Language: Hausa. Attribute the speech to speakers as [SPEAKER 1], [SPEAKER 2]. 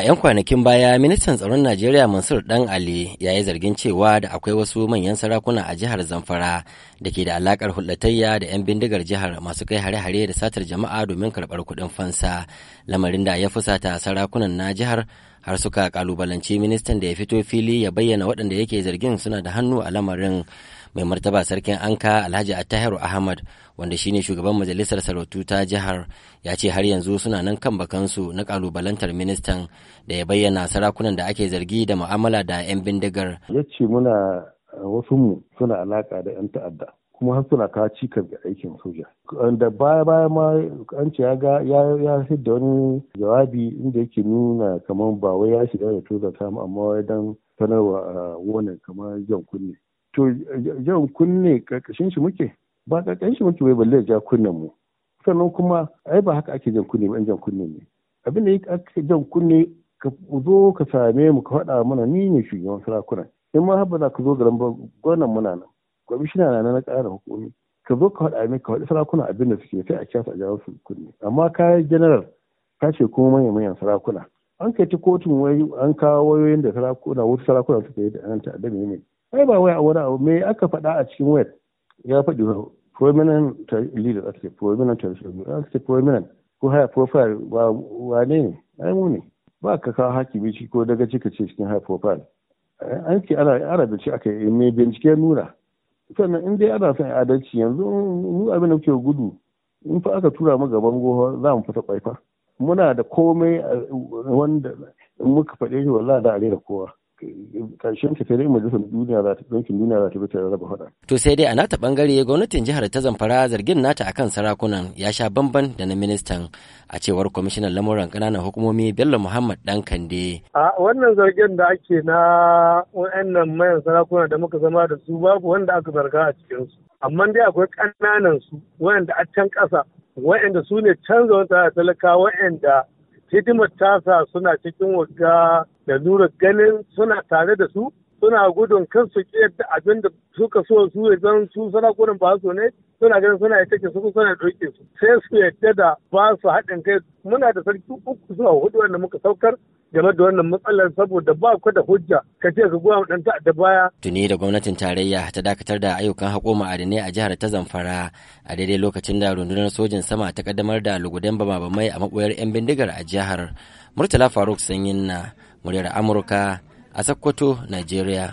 [SPEAKER 1] A 'yan kwanakin baya, ministan tsaron Najeriya Mansur Dan Ali ya yi zargin cewa da akwai wasu manyan sarakuna a jihar Zamfara da ke da alakar hulɗatayya da 'yan bindigar jihar masu kai hare-hare da satar jama'a domin karɓar kuɗin fansa, lamarin da ya fusata sarakunan na jihar har suka kalubalanci ministan da ya fito fili ya bayyana waɗanda yake zargin suna da hannu a lamarin. mai martaba sarkin anka alhaji attahiru ahmad wanda shine shugaban majalisar sarautu ta jihar ya ce har yanzu suna nan kan bakansu na kalubalantar ministan da ya bayyana sarakunan da ake zargi da mu'amala da 'yan bindigar
[SPEAKER 2] ya ce muna wasu mu suna alaka da 'yan ta'adda kuma har suna ka cikas ga aikin soja. Da baya baya ma an ce ya ga ya hidda wani jawabi inda yake nuna kamar ba wai ya shiga da tozata amma wai dan sanarwa wannan kamar jan kunne. to jan kunne karkashin shi muke ba karkashin shi muke bai balle ja kunnen mu sannan kuma ai ba haka ake jan kunne ba jan kunne ne abin da yake jan kunne ka zo ka same mu ka faɗa mana ni ne shugaban sarakuna. in ma haɓa za ka zo garin gwanan muna nan kwamishina na na ƙara hukumi ka zo ka faɗa mai ka faɗi sarakuna abin da suke sai a kyasa a jawo su kunne amma ka general ka ce kuma manyan manyan sarakuna an kai ta kotun an kawo wayoyin da sarakuna wasu sarakuna suka yi da an adabi ne ai ba wai a wani abu me aka faɗa a cikin wayar ya faɗi prominent leader a cikin prominent a cikin prominent ko high profile ba wane ne ai mu ne ba ka kawo hakimi bici ko daga cika ce cikin high profile an ce ana ce aka yi mai bincike nuna sannan in dai ana son adalci yanzu mu abin da muke gudu in fa aka tura mu gaban goho za mu fita kwaifa muna da komai wanda muka faɗe shi wallahi da are da kowa karshen ta majalisar duniya za ta duniya za ta bi raba
[SPEAKER 1] To sai dai a nata bangare gwamnatin jihar ta zamfara zargin nata akan sarakunan ya sha bamban da na ministan a cewar kwamishinan lamuran ƙananan hukumomi Bello Muhammad Dan Kande.
[SPEAKER 3] A wannan zargin da ake na wa'annan mayan sarakuna da muka zama da su babu wanda aka zarga a cikinsu. Amma dai akwai ƙananan su wa'anda a can ƙasa wayanda su ne canza wata talaka wa'anda hidimar tasa suna cikin wagga lalura ganin suna tare da su suna gudun kan su yadda abin da suka so su zan su sarakunan ba su ne suna ganin suna ya take su suna ɗauke su sai su yadda da ba su haɗin kai muna da sarki uku zuwa hudu wanda muka saukar game da wannan matsalar saboda ba ku da hujja ka ce ka goya dan ta'adda baya.
[SPEAKER 1] Tuni da gwamnatin tarayya ta dakatar da ayyukan haƙo ma'adanai a jihar ta Zamfara a daidai lokacin da rundunar sojin sama ta kaddamar da lugudan bama-bamai a maɓoyar 'yan bindigar a jihar. Murtala Faruk Sanyin na muryar Amurka a Sokoto, Najeriya.